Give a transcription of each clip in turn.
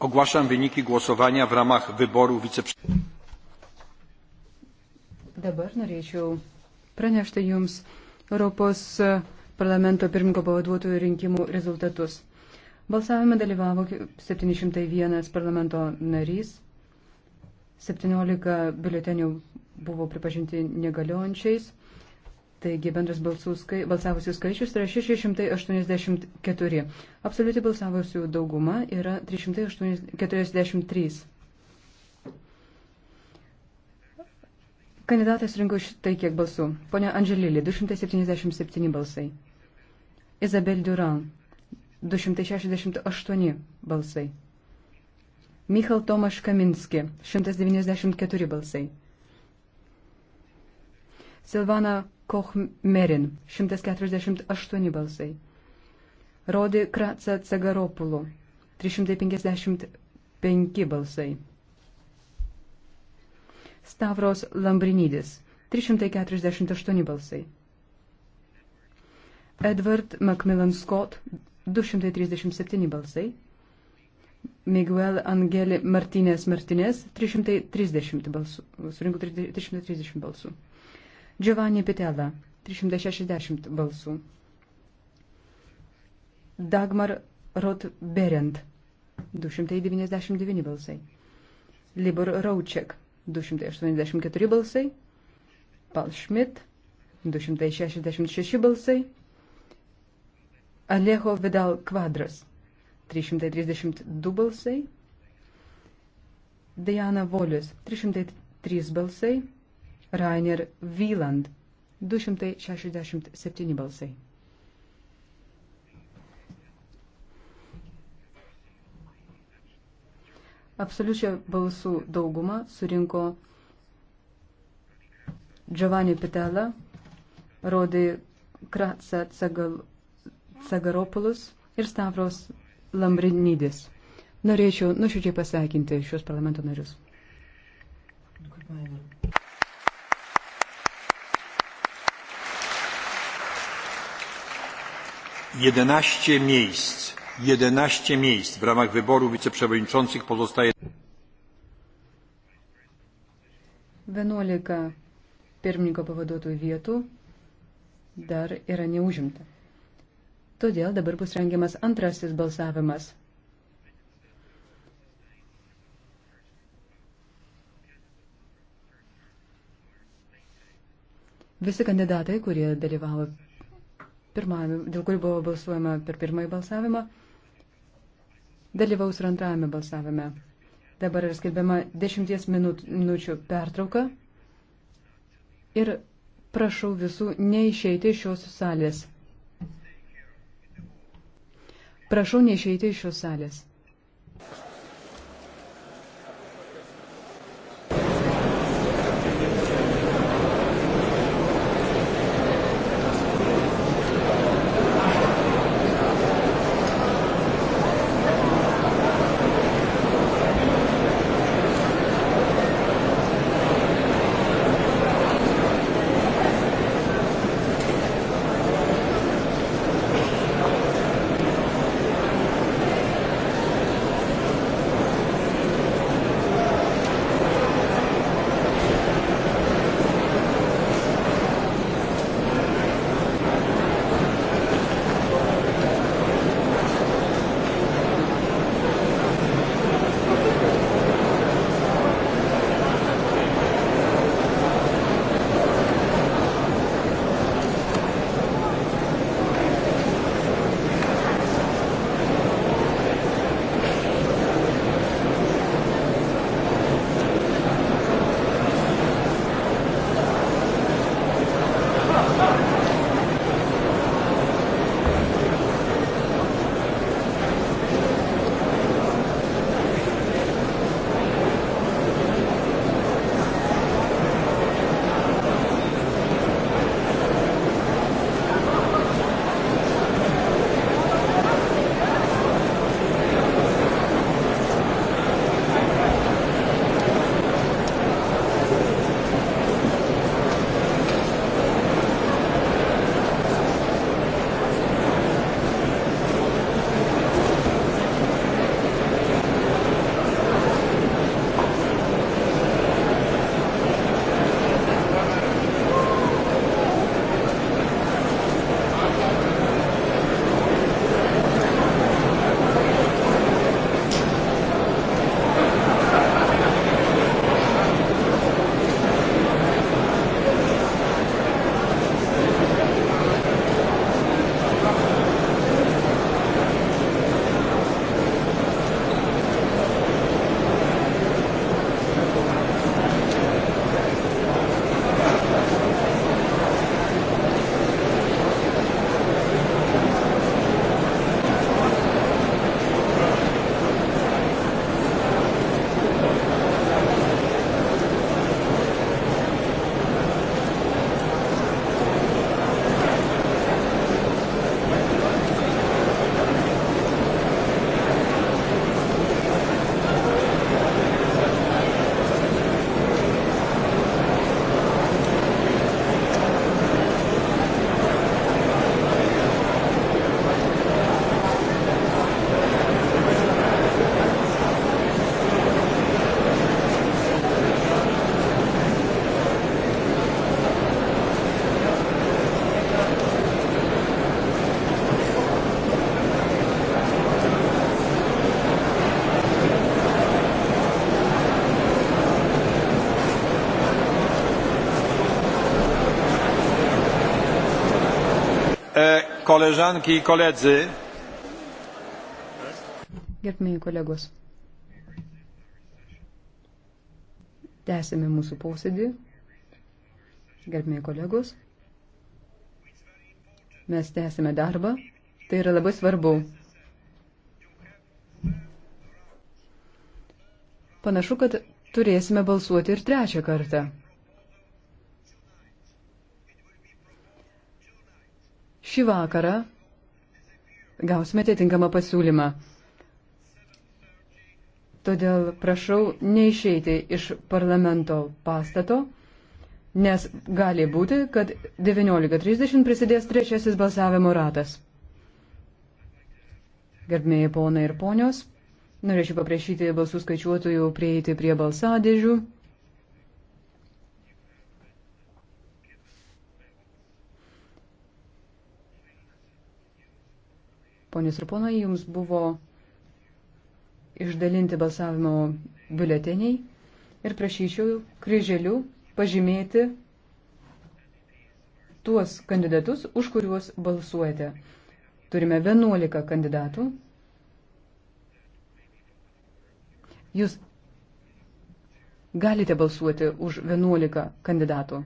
Ogłaszam wyniki głosowania w ramach wyboru wiceprzewodniczącego. Dabar norėčiau pranešti Jums Europos parlamento pirmininko pavaduotojų rinkimų rezultatus. Balsavime dalyvavo 701 parlamento narys, 17 biuletenių buvo pripažinti negaliojančiais. Taigi bendras skai, balsavusių skaičius yra 684. Absoliuti balsavusių dauguma yra 343. Kandidatas rinko šitai kiek balsų. Pone Andželilė 277 balsai. Izabel Duran 268 balsai. Michal Tomaš Kaminski 194 balsai. Silvana Kochmerin 148 balsai. Rodi Kratsa Cagaropulų 355 balsai. Stavros Lambrinydis 348 balsai. Edward Macmillan Scott 237 balsai. Miguel Angeli Martinės Martinės 330 balsų. Surinko 330 balsų. Giovanni Pitella, 360 balsų. Dagmar Rotberent, 299 balsai. Libor Rauček, 284 balsai. Paul Schmidt, 266 balsai. Alejo Vidal Kvadras, 332 balsai. Diana Volis, 303 balsai. Rainer Vyland 267 balsai. Absoliučią balsų daugumą surinko Giovanni Pitela, Rodi Kratsa Cagaropoulos ir Stavros Lambrinidis. Norėčiau nuoširdžiai pasveikinti šios parlamento narius. Good morning. 11 miejsc, 11 miejsc w ramach wyboru wiceprzewodniczących pozostaje. 11 pirmininko pavaduotojų vietų dar yra neužimta. Todėl dabar bus rengiamas antrasis balsavimas. Visi kandidatai, kurie dalyvavo pirmajame, dėl kurių buvo balsuojama per pirmąjį balsavimą, dalyvaus ir antrajame balsavime. Dabar yra skelbiama dešimties minučių pertrauka ir prašau visų neišeiti iš šios salės. Prašau neišeiti iš šios salės. koleżanki i koledzy. Gerbėjai kolegos. Tęsime mūsų posėdį. Gerbėjai kolegos. Mes tęsime darbą. Tai yra labai svarbu. Panašu, kad turėsime balsuoti ir trečią kartą. šį vakarą gausime atitinkamą pasiūlymą. Todėl prašau neišeiti iš parlamento pastato, nes gali būti, kad 19.30 prisidės trečiasis balsavimo ratas. Gerbėjai ponai ir ponios, norėčiau paprašyti balsų skaičiuotojų prieiti prie balsadėžių. ponius ir ponai, jums buvo išdalinti balsavimo biuleteniai ir prašyčiau kryželiu pažymėti tuos kandidatus, už kuriuos balsuojate. Turime 11 kandidatų. Jūs galite balsuoti už 11 kandidatų.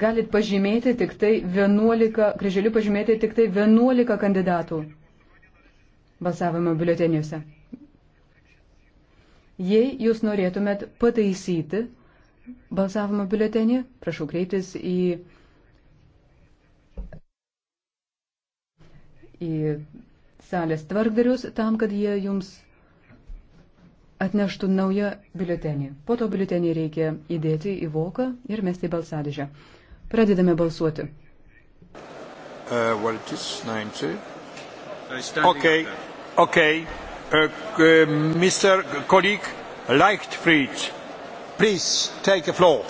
galit pažymėti tik tai 11, kryželiu pažymėti tik tai 11 kandidatų balsavimo biuleteniuose. Jei jūs norėtumėt pataisyti balsavimo biuletenį, prašau kreiptis į, į salės tvarkdarius tam, kad jie jums atneštų naują biuletenį. Po to biuletenį reikia įdėti į voką ir mesti į balsadėžę. Pradedame balsuoti. Uh, well, it is 90. Okay, okay. Uh, uh, Mr. colleague Leichtfried, please take the floor.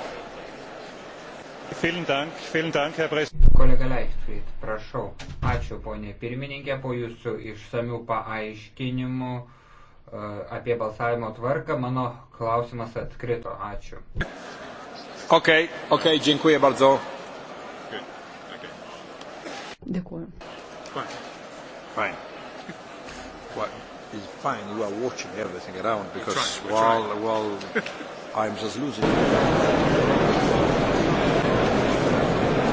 Vielen Dank, vielen Dank, Herr Präsident. Kolega Leichtfried, prašau. Ačiū, ponė pirmininkė, po jūsų išsamių paaiškinimų uh, apie balsavimo tvarką mano klausimas atkrito. Ačiū. Okej, okay, okej, okay, dziękuję bardzo. Dėkuoju. Fine. Fine. What is fine? You are watching everything around because we're trying, we're while, trying. while I'm just losing.